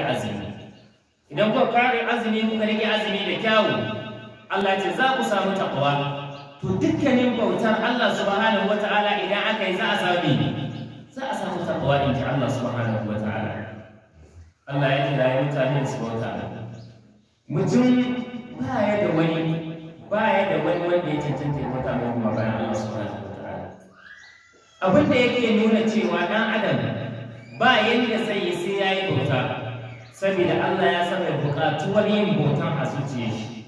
rage azumi idan kuka kare azumi kuka rage azumi da kyawu Allah ce za ku samu takwa to dukkanin bautar Allah subhanahu wataala idan aka yi za a samu za a samu takwa in ji Allah subhanahu wataala Allah ya kira mutanen su bauta mutum ba ya da wani ba ya da wani wanda ya cancanta ya mata kuma bayan Allah subhanahu wataala abin da yake nuna cewa dan adam ba yanda sai sai yayi bauta saboda Allah ya san da buƙatuwar yin bautan a zuciya shi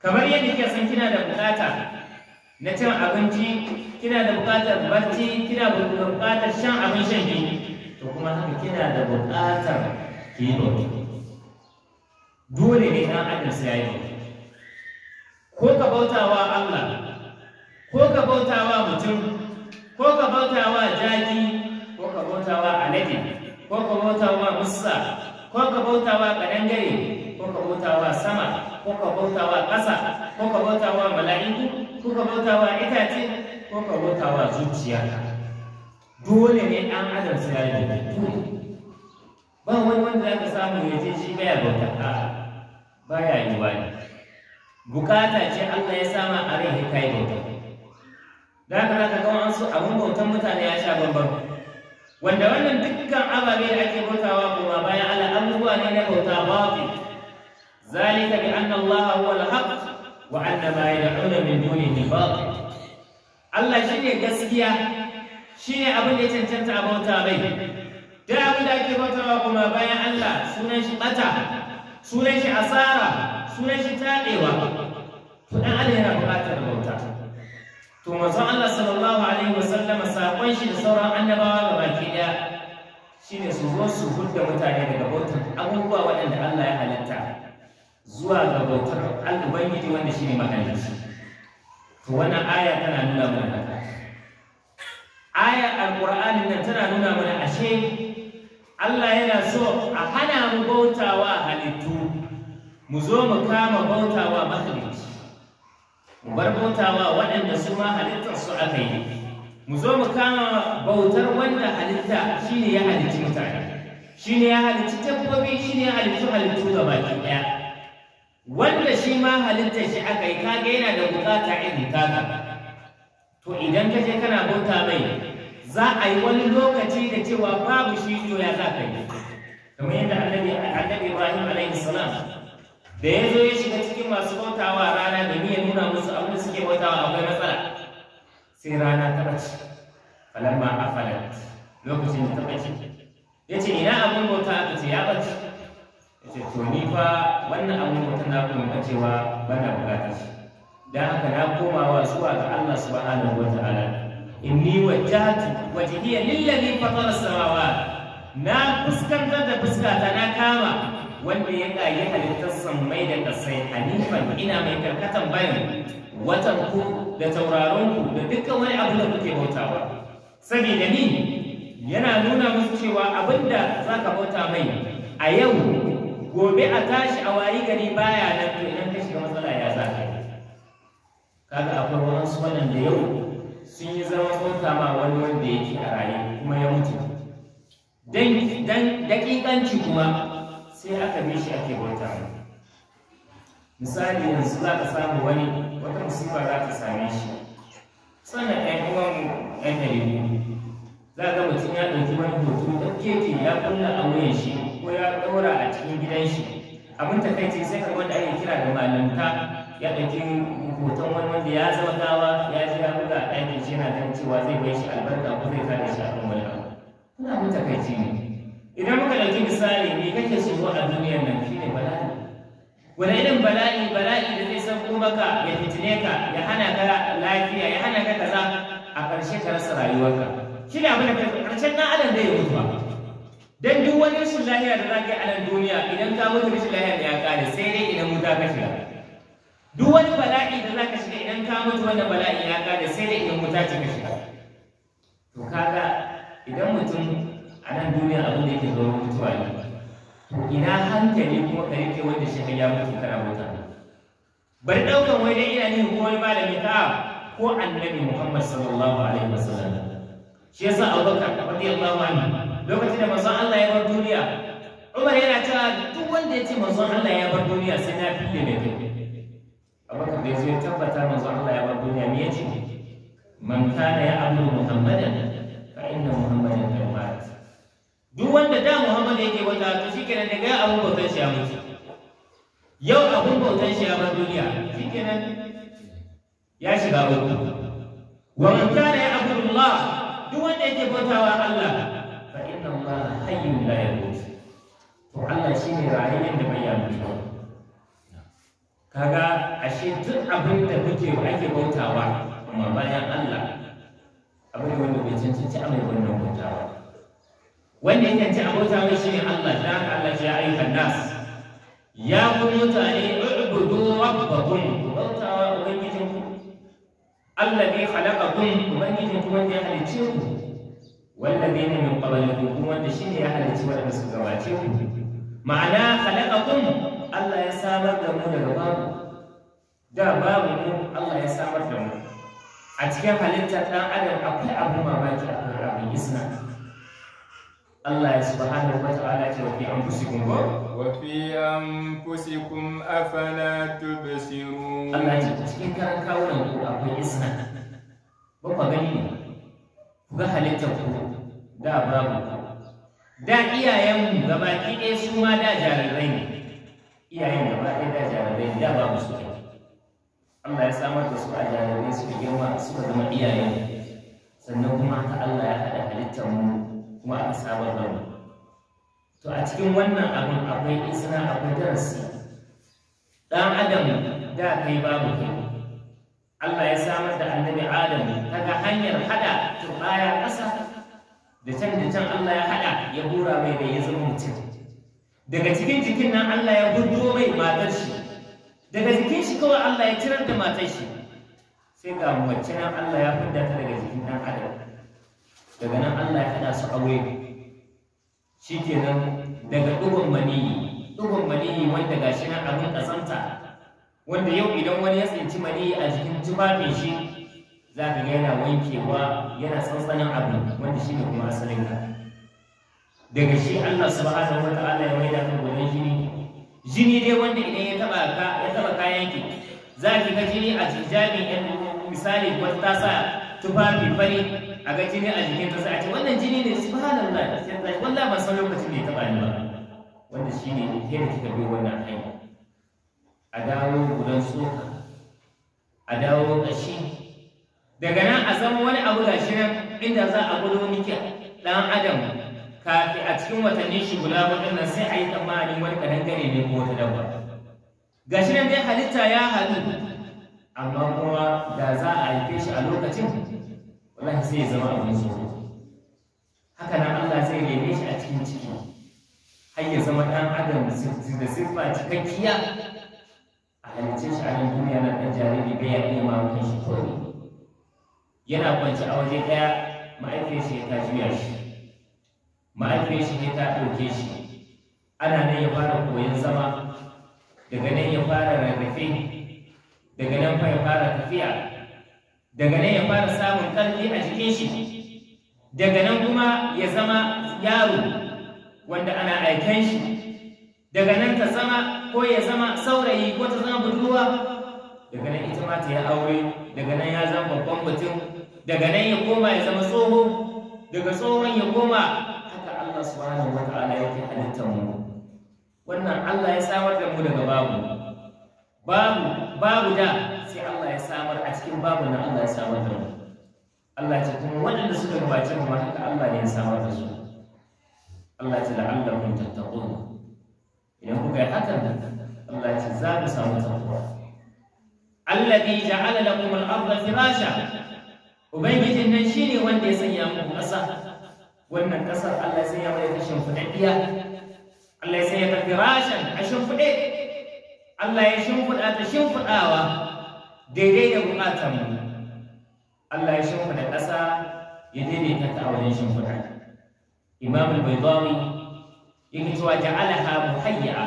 kamar yadda kika san kina da buƙata na cin abinci kina da buƙatar barci kina da buƙatar shan abin shan ki to kuma haka kina da buƙatar ki yi dole ne ɗan adam sai ya yi ko ka bautawa Allah ko ka bautawa mutum ko ka bautawa jaki ko ka bautawa alade ko ka bautawa musa ko ka bautawa kadangare ko ka bautawa sama ko ka bautawa ƙasa ko ka bautawa mala'iku ko ka bautawa itace ko ka bautawa zuciya dole ne an adam su yayi ba wani wanda za ka samu ya ce shi baya bauta a baya yi ne bukata ce Allah ya sama a rai kai bauta da ka za ka ga wasu abin bautan mutane ya sha bambam wanda wannan dukkan ababe da ake bautawa kuma bayan ala abubuwa ne na bauta babu zalika bi anna allaha huwa alhaq wa anna ma yad'una min dunihi batil Allah shine gaskiya shine abin da ya cancanta a bauta bai duk abin da ake bautawa kuma bayan Allah sunan shi bata sunan shi asara sunan shi tadewa to dan Allah yana buƙatar bauta to manzon Allah sallallahu alaihi wasallama sakon shi da sauran annabawa ga baki daya shine su zo su hudda mutane daga bautar abubuwa waɗanda Allah ya halitta zuwa ga bautar al-ubangiji wanda shine mahalicci to wannan aya tana nuna mana haka aya alqur'ani nan tana nuna mana ashe Allah yana so a hana mu bautawa halittu mu zo mu kama bautawa mahalicci bar bautawa waɗanda su ma halittar su aka yi mu zo mu kama bautar wanda halitta shine ya halitti mutane shine ya halitti dabbobi shine ya halitti halittu gaba ɗaya wanda shi ma halitta shi aka yi kaga yana da bukata irin kaga to idan ka je kana bauta mai za a yi wani lokaci da cewa babu shi to ya za ka yi kamar yadda annabi Ibrahim alaihi salam da ya zo ya shiga cikin masu bautawa rana da ya nuna musu abin da suke bautawa akwai matsala sai rana ta ɓace falamma afalat lokacin da ta ɓace ya ce ina abin bauta aka ce ya ɓace ya ce to ni fa wannan abin bauta na kuma ɓacewa na buƙatar shi haka na komawa zuwa ga Allah subhanahu wataala ta'ala inni wajjahtu wajhiya lillazi fatara as-samawati na fuskantar da fuskata wanda ya ƙage halittar sammai da ƙasai hanifan ina mai karkatan bayan watan ku da tauraron ku da dukkan wani abu da kuke bautawa saboda ni yana nuna musu cewa abinda za ka bauta mai a yau gobe a tashi a wayi gari baya nan to idan ka shiga matsala ya za ka kaga akwai wasu da yau sun yi zama bauta ma wani wanda yake a raye kuma ya mutu dan dakikanci kuma sai aka bi shi ake bauta misali yanzu za ka samu wani wata musiba za ka same shi sannan ɗan uwan ɗan ɗari za ka mutum ya ɗauki wani hoto da keke ya kulla a wuyan shi ko ya ɗaura a cikin gidan shi abin ta takaici sai ka wanda ake kira da malanta ya ɗauki hoton wani wanda ya zama gawa ya ji ya buga a ɗakin shi yana ganin cewa zai bai shi albarka ko zai kare shi a kan wani abu. Ina mun ne. idan muka ɗauki misali me kake tsoro a duniyar nan ne, bala'i wani irin bala'i bala'i da zai sauko maka ya fitine ka ya hana ka lafiya ya hana ka kaza a ƙarshe ka rasa rayuwarka shi ne abin da ƙarshen ɗan adam zai ba dan duk wani rashin lafiya da za ka yi a nan duniya idan ka mutu rashin lafiya ya ƙare sai dai idan wuta ka shiga duk wani bala'i da za ka shiga idan ka mutu wannan bala'i ya ƙare sai dai idan wuta ce ka shiga to kaga idan mutum a nan duniya abin da yake zuwa mutuwa ne to ina hankali kuma ka yake wanda shi ya mutu kana bauta bari daukan wani dai ina ne ko wani malami ta, ko annabi Muhammad sallallahu alaihi wasallam shi yasa Abubakar radiyallahu anhu lokacin da manzon Allah ya bar duniya Umar yana cewa duk wanda ya ce manzon Allah ya bar duniya sai na fille mai kai Abubakar bai zo ya tabbata manzon Allah ya bar duniya me yace man kana ya abu Muhammadan fa inna Muhammadan duk wanda da Muhammad yake bauta to shikenan daga ya abun bautan shi ya mutu yau abun bautan shi ya bar duniya shikenan ya shiga uku wa man kana abudu Allah duk wanda yake bautawa Allah fa inna Allah hayyun la yamut to Allah shine rayuwar da bai yamutu kaga ashe duk abin da muke ake bautawa amma bayan Allah abin da wanda bai cancanci amai wannan bautawa Wannan ya tanci abota mai shi ne Allah da haka Allah ya ayyukan nas ya ku mutane ubudu rabbakum bautawa ubangijin ku Allah ne khalaqakum ubangijin ku wanda ya halicce ku wanda bai ne min qablikum kuma wanda shi ne ya halicce wanda suka gabace ku ma'ana khalaqakum Allah ya samar da mu daga babu da babu mu Allah ya samar da mu a cikin halittar ɗan adam akwai abu mamaki akwai abin isna Allah ya subhanahu wa ta'ala ce wa fi anfusikum ba wa fi anfusikum afala tubsirun Allah ce cikin karan kawunan ku akwai isna ba ku gani ne ku ga halittar ku da babu da iyayen mu gaba ɗaya su ma da jarirai ne iyayen gaba ɗaya da jarirai da babu su Allah ya samar da su a jarirai su girma suka zama iyayen sannan kuma ta Allah ya haɗa halittar mu kuma a sabon rauni to a cikin wannan abin akwai isra akwai darasi dan adam da kai babu kai Allah ya samar da annabi Adam ta ga hanyar hada turbaya kasa. da can da can Allah ya hada ya hura mai da ya zama mutum daga cikin jikin nan Allah ya gudu mai matar shi daga jikin shi kawai Allah ya cirar da matar shi sai ga wacce nan Allah ya fidda daga jikin ɗan adam daga nan Allah ya hada su aure Shi shikenan daga dugun maniyi dugun maniyi wanda shi nan abin kasanta wanda yau idan wani ya tsinci maniyi a jikin tufafin shi za ka ga yana wankewa yana tsantsanin abu wanda shi ne kuma asalin ka daga shi Allah subhanahu wa ta'ala ya maida ka gudun jini jini dai wanda idan ya taba ka ya taba kayan ki za ki ga jini a jijamin yan misali wata ta sa tufafi fari a ga jini a jikin ta sai a ce wannan jini ne subhanallah sai ta wallahi ban san lokacin da ya taba ni ba wanda shine ne ke da kika bi wannan hanya a dawo gudan soka a dawo kashi daga nan a zama wani abu shi nan inda za a gudo miki dan adam kafi a cikin watanni shi guda nan, sai a yi tsammanin wani gare ne ko wata dabba gashi nan dai halitta ya haɗu amma kuma da za a haife shi a lokacin wallahi sai zama abin so haka nan Allah zai rene shi a cikin ciki har ya zama ɗan adam da siffa cikakkiya a halittar shi a nan duniya na ɗan jariri bai ya iya mamakin shi kawai yana kwanci a waje ɗaya ma'aikiyar shi ta juya shi ma'aikiyar shi ya ta ɗauke shi ana nan ya fara koyon zama daga nan ya fara rarrafe daga nan fa ya fara tafiya daga nan ya fara samun ƙarfi a jikin shi daga nan kuma ya zama yaro wanda ana aiken shi daga nan ta zama ko ya zama saurayi ko ta zama budurwa daga nan ita ma ta yi aure daga nan ya zama babban mutum daga nan ya koma ya zama tsoho daga tsohon ya koma haka Allah subhanahu wa ta'ala yake halittar mu wannan Allah ya samar da mu daga babu babu babu da sai Allah ya samar a cikin babu nan Allah ya samar da mu Allah ce kuma waɗanda suka gabace mu ma haka Allah ne ya samar da su Allah ce la'allakum tattaqun idan kuka yi hakan Allah ce za ku samu taqwa alladhi ja'ala lakum al-ardha firasha ubangijin nan shine wanda ya sanya mu ƙasa wannan ƙasar Allah ya sanya mana ta shimfiɗaɗɗiya Allah ya sanya ta firashan a shimfiɗe Allah ya shimfiɗa ta shimfiɗawa daidai da bukatar mu Allah ya shafa da ƙasa ya daidaita ta a wajen shimfiɗa Imam al-Baydawi yake cewa ja'alaha muhayya'a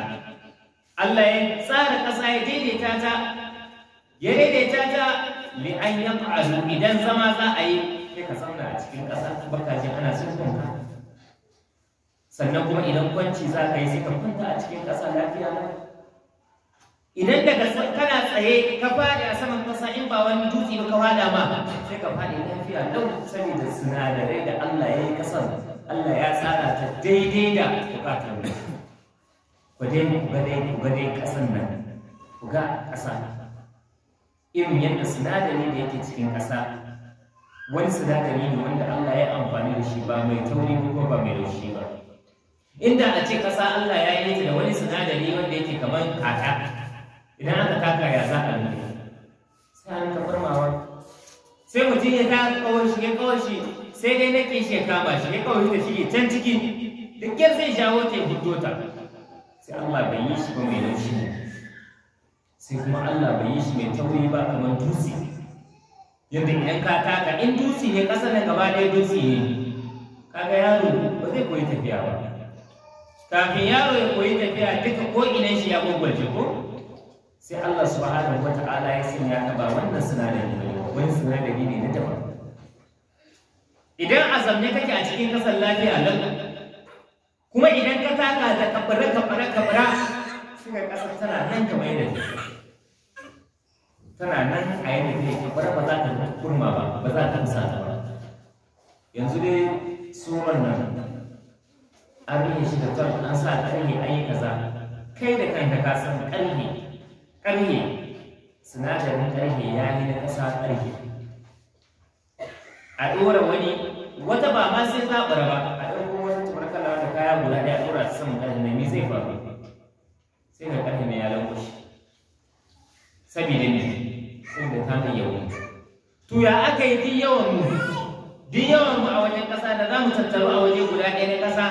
Allah ya tsara ƙasa ya daidaita ta ya daidaita ta li an yaq'adu idan zama za a yi sai ka zauna a cikin ƙasa baka ji ana sunkunka sannan kuma idan kwanci za ka yi sai ka kwanta a cikin ƙasa lafiya lafiya idan daga kana tsaye ka fadi a saman kasa in ba wani dutse ba ka fada ma sai ka fadi lafiya lau saboda sinadarai da Allah ya yi kasan Allah ya tsara ta daidai da bukatar mu ku dai ku ga dai ku ga dai kasan nan ku ga kasa irin yadda sinadari da yake cikin kasa wani sinadari ne wanda Allah ya amfani da shi ba mai tauri ko ba mai laushi ba inda a ce kasa Allah ya yi ta da wani sinadari wanda yake kamar kata idan aka taka ya za a nuna sai an ka farmawa sai mutum ya ta kawai shi ya kawai shi sai dai nake shi ya kama shi ya kawai da shi can ciki duk yar zai shawo ta ya fito ta sai Allah bai yi shi ba mai laushi sai kuma Allah bai yi shi mai tauri ba kamar dutse yadda idan ka taka in dutse ne ƙasa na gaba ɗaya dutse ne kaga yaro ba zai koyi tafiya ba kafin yaro ya koyi tafiya duka ko inan shi ya gwagwaje ko sai Allah subhanahu wa ta'ala ya sanya ta ba wannan sinadari ne wani sinadari ne na daban idan azamne zamne kake a cikin kasar lafiya nan kuma idan ka taka da kabara kabara kabara shiga kasar tana nan ta kamar yadda tana nan a yadda take kabara ba za ta kurma ba ba za ta musa ta ba yanzu dai su nan an yi shi da tarihi an sa tarihi an yi kaza kai da kanka ka san ƙarni ƙarhe sinadarin ƙarhe ya yi na ƙasa ƙarhe a ɗora wani wata ba ma sai ta ba a ɗauko wata tabarkala da kaya guda ɗaya ɗora su saman ƙarhe na zai faru sai ga ƙarhe na ya lankwashe saboda sai da ta mai yawon to ya aka yi duk yawan mu duk yawan mu a wajen ƙasa da za mu tattaru a waje guda ɗaya na ƙasa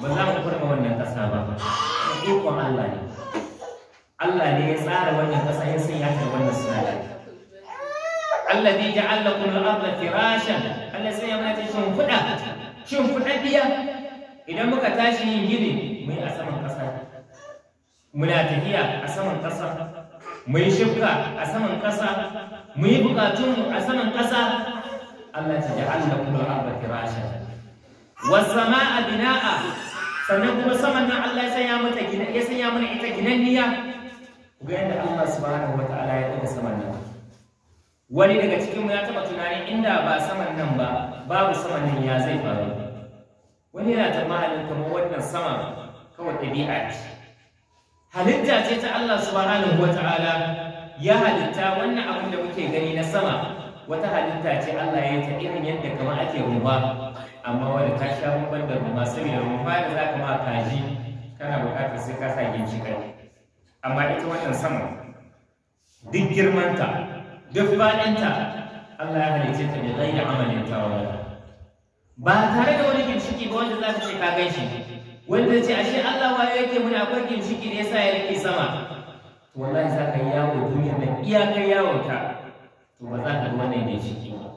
ba za mu kurma wannan ƙasa ba ikon Allah ne Allah ne ya tsara wannan ƙasa ya sanya ta wannan sinadari Allah ne ya Allah kullu arda firashan Allah sai ya mata shimfiɗa shimfiɗa biya idan muka tashi yin gini mu yi a saman ƙasa muna tafiya a saman ƙasa mu yi shifka a saman ƙasa mu yi buƙatunmu a saman ƙasa Allah ta ja'alna kullu arda firashan was sama'a bina'a sannan kuma saman nan Allah ya sanya mata gina ya sanya mana ita ginanniya ku ga yadda Allah subhanahu wata'ala ya daga saman nan wani daga cikin mu ya taba tunanin inda ba saman nan ba babu saman nan ya zai faru wani yana mahalin kamar wannan sama kawai ɗabi'a ce halitta ce ta Allah subhanahu wata'ala ya halitta wannan abin da muke gani na sama wata halitta ce Allah ya yi ta irin yadda kama ake ruwa amma wani ta sha ruwan da ruwa saboda ruwa da za ka ma kaji kana bukatar sai ka sa ginshi kai amma ita wannan sama duk girmanta duk faɗinta Allah ya halice ta ne zai yi amalin tawara ba tare da wani ginshiki ba wanda za ta ce ka gan shi wanda ce ashe Allah wa yake muna akwai ginshiki ne yasa ya rike sama to wallahi za ka yawo duniya iya iyakar yawon ta to ba za ka wani wannan ginshiki ba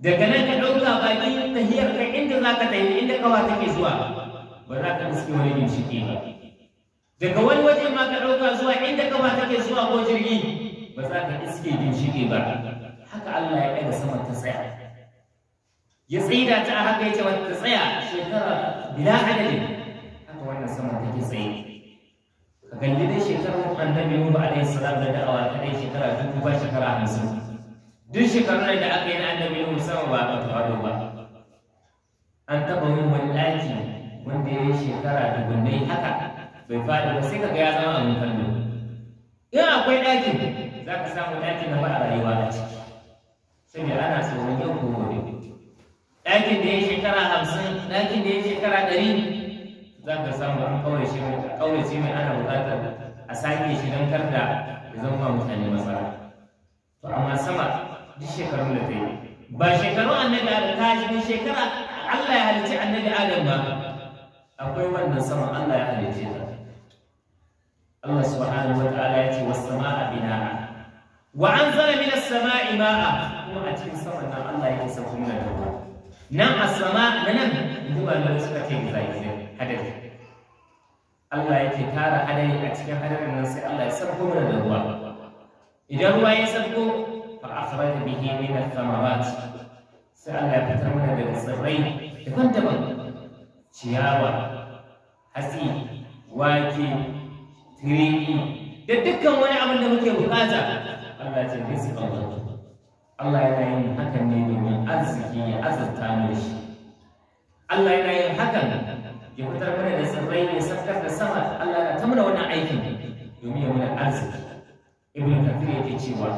daga nan ka ɗauka baki tahiyar ka inda za ka tafi inda kawa take zuwa ba za ka suke wani ginshiki ba daga wani waje ma ka ɗauka zuwa inda ka kafa kai zuwa ko jirgi ba za ka iske jin ginshiƙi ba haka Allah ya ɗaga saman ta tsaya ya tsida ta a haka yake wata tsaya shekara bila adadin haka wannan saman take tsaye ka kalli dai shekarar annabi Nuhu alaihi salam da da'awa ta dai shekara dubu ba shekara hamsin duk shekarun da aka yi na annabi Nuhu sama ba a tawo ba an taɓa yin wani ɗaki wanda ya yi shekara dubunnai haka bai faɗi ba sai kaga ya zama abin kallo in akwai ɗaki za ka samu ɗakin na ba a rayuwa a ciki saboda ana tsoron yau ko gobe ɗakin da ya shekara hamsin ɗakin da ya shekara ɗari za ka samu an kaurace mai shi mai ana buƙatar a sake shi don kar da ya zama mutane masara to amma sama duk shekarun da ta yi ba shekarun annabi adam ta duk shekara Allah ya halicci annabi adam ba akwai wannan sama Allah ya halicce ta Allah subhanahu wa ta'ala ya ce wa sama'a bina'a wa anzala minas sama'i ma'a kuma a cikin saman nan Allah yake sauko mana da ruwa nan a sama na nan zuwa na suka ce zai hadari Allah ke tara hadari a cikin hadarin nan sai Allah ya sauko mana da ruwa idan ruwa ya sauko fa akhraj bihi min ath sai Allah ya fitar mana da tsirrai daban-daban ciyawa hatsi wake rini da dukkan wani abin da muke bukata Allah ce rizqa Allah yana yin hakan ne domin arziki ya azurta mai shi Allah yana yin hakan ya fitar mana da tsirrai ne safkar da sama Allah na ta mana wannan aikin domin ya mana arziki ibn kafir yake cewa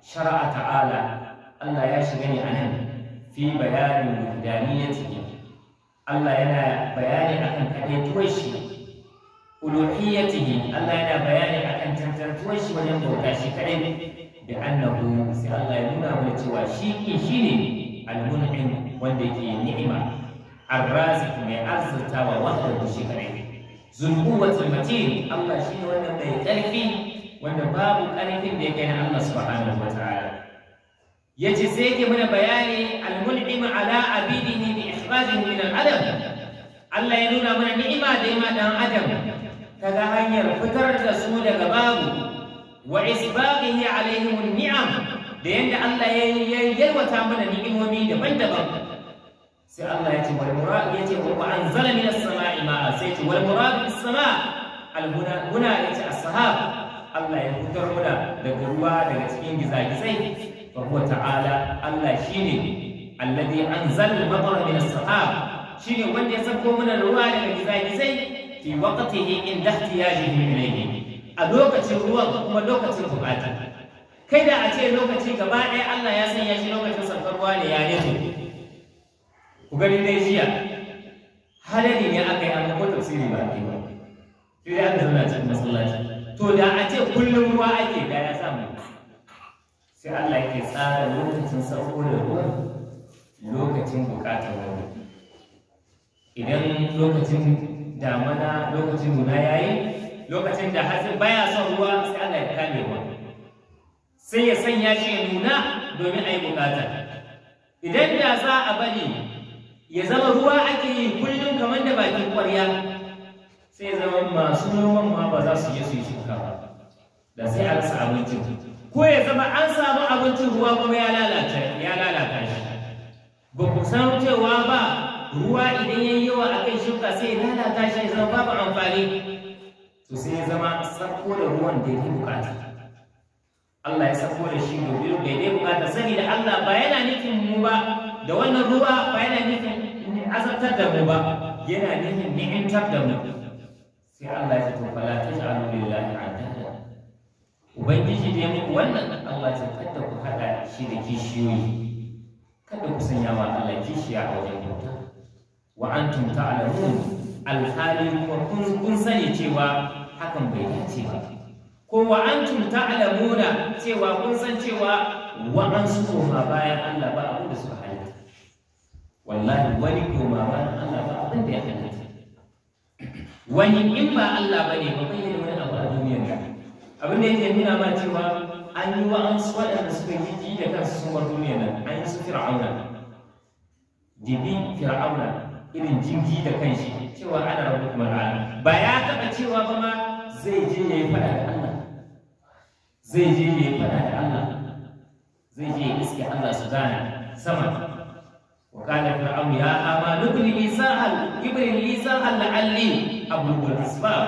Shara'a ta'ala Allah ya shiga ne anan fi bayanin wuhdaniyyati Allah yana bayani akan kaɗaituwar shi uluhiyyatihi Allah yana bayani akan tantantuwar shi wajen bauta shi kadai da annahu sai Allah ya nuna mana cewa shi ke shine al-mun'im wanda yake ni'ima ar-raziq mai arzutawa wanda shi kadai zulquwatul matin Allah shine wannan mai karfi wanda babu karfin da yake na Allah subhanahu wataala yace sai yake mana bayani al-mun'im ala abidihi bi ikhrajihi min al-adam Allah ya nuna mana ni'ima da ya ma dan adam ta ga hanyar fitar da su daga babu wa isbaqihi alaihim ni'am da yanda Allah ya yalwata mana ni'imomi daban-daban sai Allah ya ce wal murad ya ce wa anzala minas sama'i ma. sai ce wal murad bis sama' al huna huna ya ce as-sahab Allah ya fitar muna daga ruwa daga cikin gizagizai fa huwa ta'ala Allah shine alladhi anzala al-matara minas sahab shine wanda ya sako muna ruwa daga gizagizai fi waqtihi inda ihtiyajihi ilayhi a lokacin ruwan kuma lokacin bukata kai da a ce lokaci gaba ɗaya Allah ya sanya shi lokacin saukar ruwa ne ya nezo ku gani dai jiya halali ne aka yi amma ko tafsiri ba ke ba sai ya aka zauna cikin masallaci to da a ce kullum ruwa ake da ya samu sai Allah ke tsara lokacin saukar ruwa lokacin bukatar ruwa idan lokacin damana lokacin nuna yayi lokacin da hatsin baya son ruwa sai Allah ya kame sai ya sanya shi ya nuna domin a yi bukata idan da za a bari ya zama ruwa ake yi kullum kamar da bakin kwarya sai zama masu noman ma ba za su yi su yi shuka ba da sai a rasa abinci ko ya zama an samu abincin ruwa kuma ya lalata ya lalata shi ba ku san cewa ba ruwa idan yayi yawa akan shuka sai lalata shi ya zama babu amfani to sai ya zama sako da ruwan da yake bukata Allah ya sako da shi domin da yake bukata sani da Allah ba yana nufin mu ba da wannan ruwa ba yana nufin azabtar da mu ba yana nufin ni'imtar da mu sai Allah ya ce to fala taj'alu lillahi adada ubangiji ne muku wannan Allah ce kada ku hada shi da kishiyoyi kada ku sanya wa Allah kishiya a wajen bauta wa antum ta'lamun alhali kuma kun sani cewa hakan bai dace ba ko wa antum ta'lamuna cewa kun san cewa wa an koma bayan Allah ba abin da suka halitta wallahi wani koma bayan Allah ba abin da ya halitta wani in ba Allah ba ne ba kai ne wani abu a duniyar da abin da yake nuna ma cewa an yi wa an waɗanda suka yi da kansu sun bar duniyar nan an yi su fir'auna dibin fir'auna irin jinji da kan shi cewa ana rabu kuma ba ya taɓa cewa ba ma zai je ya yi faɗa da Allah zai je ya yi faɗa da Allah zai je ya iske Allah su gana sama وقال فرعون يا أما نبني لي ساهل ابن لي ساهل لعلي أبلغ الأسباب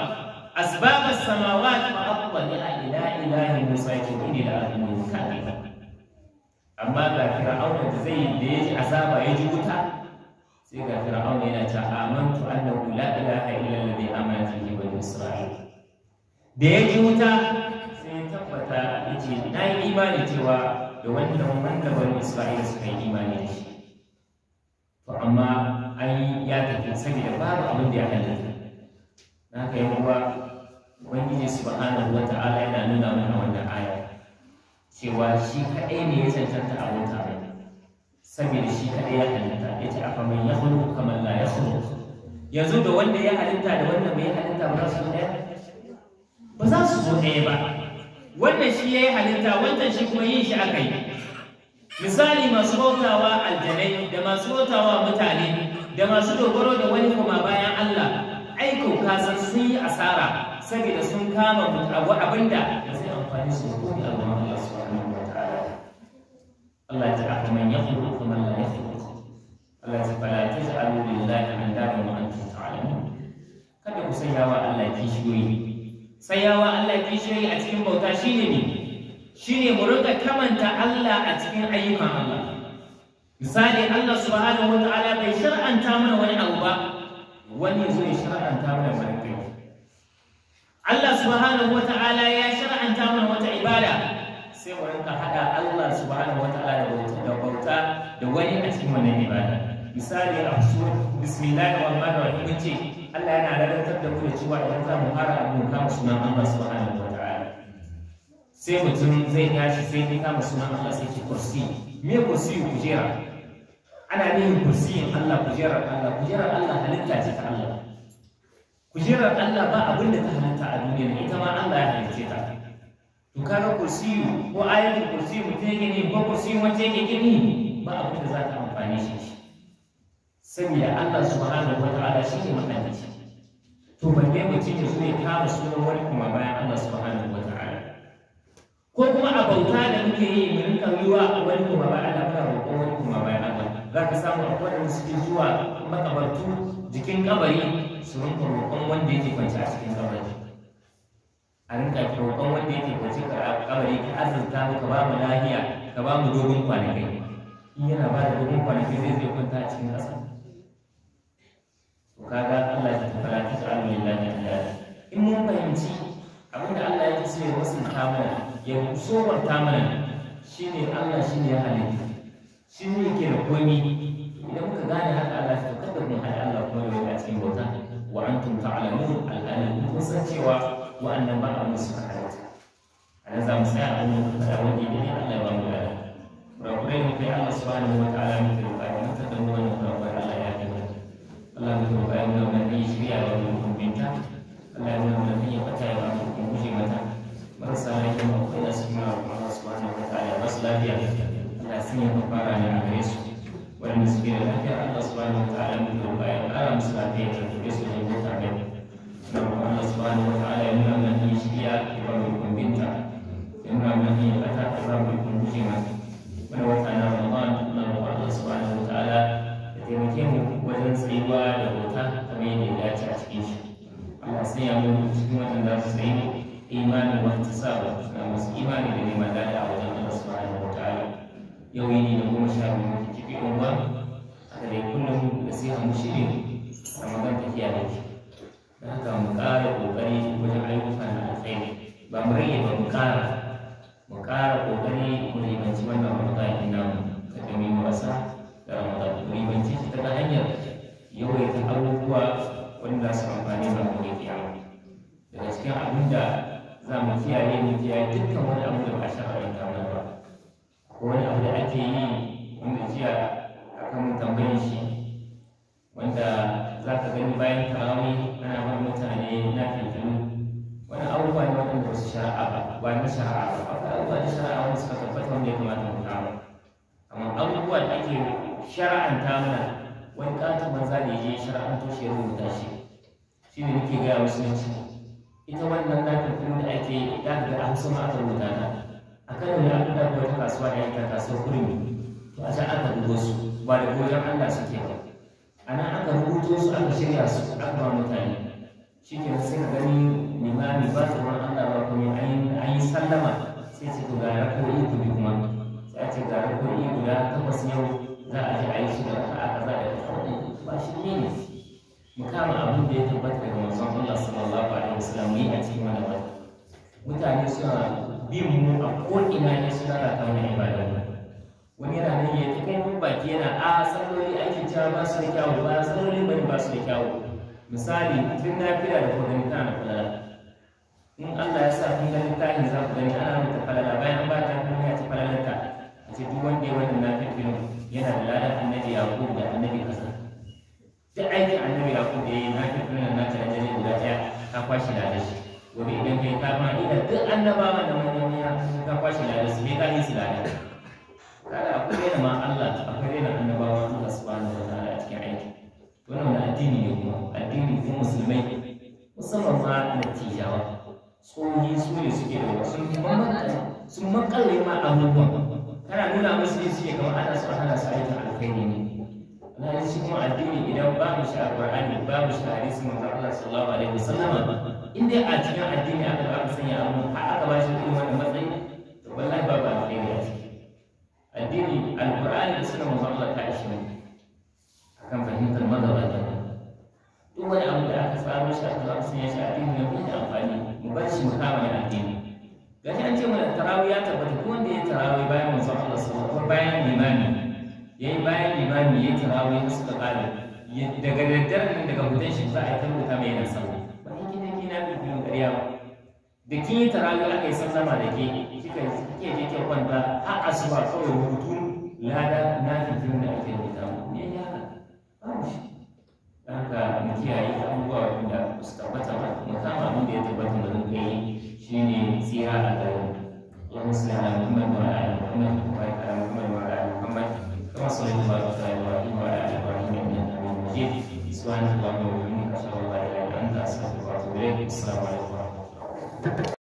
أسباب السماوات فأطلع إلى إله موسى يجدني لأهل كامل amma ga fir'auna da zai da yaji azaba ya ji wuta sai ga fir'auna yana ta amantu annahu la ilaha illa alladhi amana bihi bani isra'il da ya ji wuta sai ya tabbata yace na yi imani cewa da wannan wanda bani isra'il suka yi imani da shi to amma an ya tafi saboda babu abin da ya halatta na haka yan uwa ubangiji subhanahu wa yana nuna mana wannan aya cewa shi kaɗai ne ya cancanta a wuta saboda shi kaɗai ya halitta ya ce a man ya hulu kamar na ya hulu yanzu da wanda ya halitta da wanda bai halitta ba za su ɗaya ba za su zo ɗaya ba wannan shi ya yi halitta wannan shi kuma yin shi aka yi misali masu bautawa aljanai da masu bautawa mutane da masu dogaro da wani kuma bayan Allah aiko kasan sun yi asara saboda sun kama abu abinda ba zai amfani su ko Allah ya ce akwai man yafi ko kuma Allah ya fi Allah ya ce fala ta ji alu lillahi min dadi wa antum ta'lamun kada ku sanya Allah kishiyoyi sanyawa Allah kishiyoyi a cikin bauta shine ne shine mu rinka kamanta Allah a cikin ayyukan Allah misali Allah subhanahu wa ta'ala bai shar'anta mana wani abu ba wani zo ya shar'anta mana wani abu. Allah subhanahu wa ta'ala ya shar'anta mana wata ibada sai mu rinka hada Allah subhanahu wa ta'ala sauka da wani a cikin wannan ibada misali a su bismillahir rahmanir rahim ce Allah yana lalatar da mu da cewa idan za mu fara abu amma kama sunan Allah subhanahu wataala sai mutum zai tashi sai ya kama sunan Allah sai ce kursi me kursi kujera ana kursi kursiyin Allah kujerar Allah kujerar Allah halitta ce ta Allah kujerar Allah ba abin da ta halitta a duniya ita ma Allah ya halitta ta to kursi ko ayatul kursi mutum yake ne ko kursi wanda yake gini ba abin da za ta amfani shi saboda Allah subhanahu wataala shi ne mafanci to balle mutum ya zo ya kama sunan wani kuma bayan Allah subhanahu wataala ko kuma a bauta da muke yi mu rinka yiwa a wani kuma bayan Allah muna roƙon wani kuma bayan Allah za ka samu akwai wanda suke zuwa makabartu jikin kabari su rinka roƙon wanda yake kwance a cikin kabari a rinka roƙon wanda yake kwance ka a kabari ka azurta mu ka ba mu lahiya ka ba mu dogon kwanakai in yana ba da dogon kwanaki zai zai kwanta a cikin ƙasa to kaga Allah ya tabbata ta tsara mai lafiya in mun fahimci abin da Allah ya ce sai wasu tamana ya sobar tamana shine Allah shine ya halitta shi ne yake da komai idan muka gane haka Allah ya tabbata mu hada Allah kuma ya cikin bauta wa antum ta'lamun al'ana kun san cewa wa'annan ba a musu halarta a nan za mu tsaya a nan da wani ne Allah ba mu lada kurakurai ne kai Allah subhanahu wa ta'ala mu kai ba ta da wannan kurakurai Allah ya kai Allah mu kai bayan nan ba mu rage ba mu ƙara mu ƙara ƙoƙari mu ribanci wannan ramadan ɗin namu ka dami mu rasa da ramadan mu ribanci shi ta hanyar yawaita abubuwa wanda su amfani ba mu da kiyama daga cikin abin da za mu kiyaye mu kiyaye dukkan wani abu da ba a shar'anta mana ba ko wani abu da ake yi wanda jiya akan mu tambaye shi wanda za ka gani bayan tarawih ana ba mutane na filfilu wani abubuwa ne wanda ba su shara'a ba ba na shara'a ba wani abubuwa na shara'a wanda suka tabbata wanda ya kamata mu kawo amma abubuwa da ake shara'anta mana wani ƙaton banza da ya je shara'anto shi ya rubuta shi shi ne nake gaya musulunci ita wannan nafilfilin da ake yi ya ga a hausa ma aka rubuta ta a kan abin da ɗaga ta kasuwa da ita kasuwar kurmi to a can aka dubo su ba da goyon allah suke ba a nan aka rubuto su aka shirya su aka ba mutane shi ke sai ka gani limami ba su ruwan Allah ba kuma an yi sallama sai ce to ga rakoi ku bi kuma sai a ce ko yi guda takwas yau za a ji a yi shi da raka'a kaza da kaza ba shi ne mu kama abin da ya tabbata daga manzon Allah sallallahu alaihi wasallam mu yi a cikin malama mutane suna bin mu a ko'ina ne suna da kawai ibada wani yana nan ya ta kai baki yana a salloli aikin cewa ba su da kyawu ba ba su da kyawu misali tun na fila da kodin ta na in Allah ya sa kun ga littafin za ku gani ana rubuta falala bayan an ba ta kuma ya ci falalarta a ce duk wanda ya wannan na filfilin yana da ladan annabi yaqub da annabi kasa duk aikin annabi yaqub da ya yi na filfilin na ta annabi guda ɗaya ka kwashi da shi gobe idan kai ka ma ina duk annabawa da manzanniya ka kwashi da su me ka yi su ladan kada akwai rena ma Allah akwai rena annabawa Allah subhanahu wa ta'ala a cikin aiki wannan wani addini ne kuma addini ne musulmai musamman ma na tijawa tsohi ne suke da sun makalle ma abubuwan kana nuna musu ne suke kamar ana son hana su aikin alkhairi ne shi kuma addini idan babu shi a qur'ani babu shi a hadisi manzo Allah sallallahu alaihi wasallam in dai a cikin addini aka ba ka sanya abu A aka ba shi kuma wannan matsayi to wallahi babu alkhairi a ciki addini alqur'ani da sunan manzo Allah ta ishe akan fahimtar mazhabin duk wani abu da aka tsaro shi aka zama sanya shi addini na kuma amfani mu bar shi mu kama da addini gashi an ce mana tarawih ya tabbata duk wanda ya tarawih bayan manzon Allah sallallahu alaihi bayan ya yi bayan limami yayi tarawih har suka kare daga daddare ne daga mutan shi za a yi tarbuta mai yana sauri ba ni kina kina bi biyu ƙarya ba da kin yi tarawih aka yi san zama da ke kika kike je kwanta har asuba kawai rubutu lada na fitin da ake mu kiyaye abubuwa wanda suka bata mu kama abin da ya tabbata mu rinka yi shine tsira a gare mu ya musulma Muhammad wa ala Muhammad wa ala Muhammad wa kuma Muhammad kama sallallahu alaihi wa alihi wa ala Ibrahim innaka Hamidum Majid subhanallahi wa bihamdihi ashhadu an la ilaha illa anta astaghfiruka wa atubu ilaik assalamu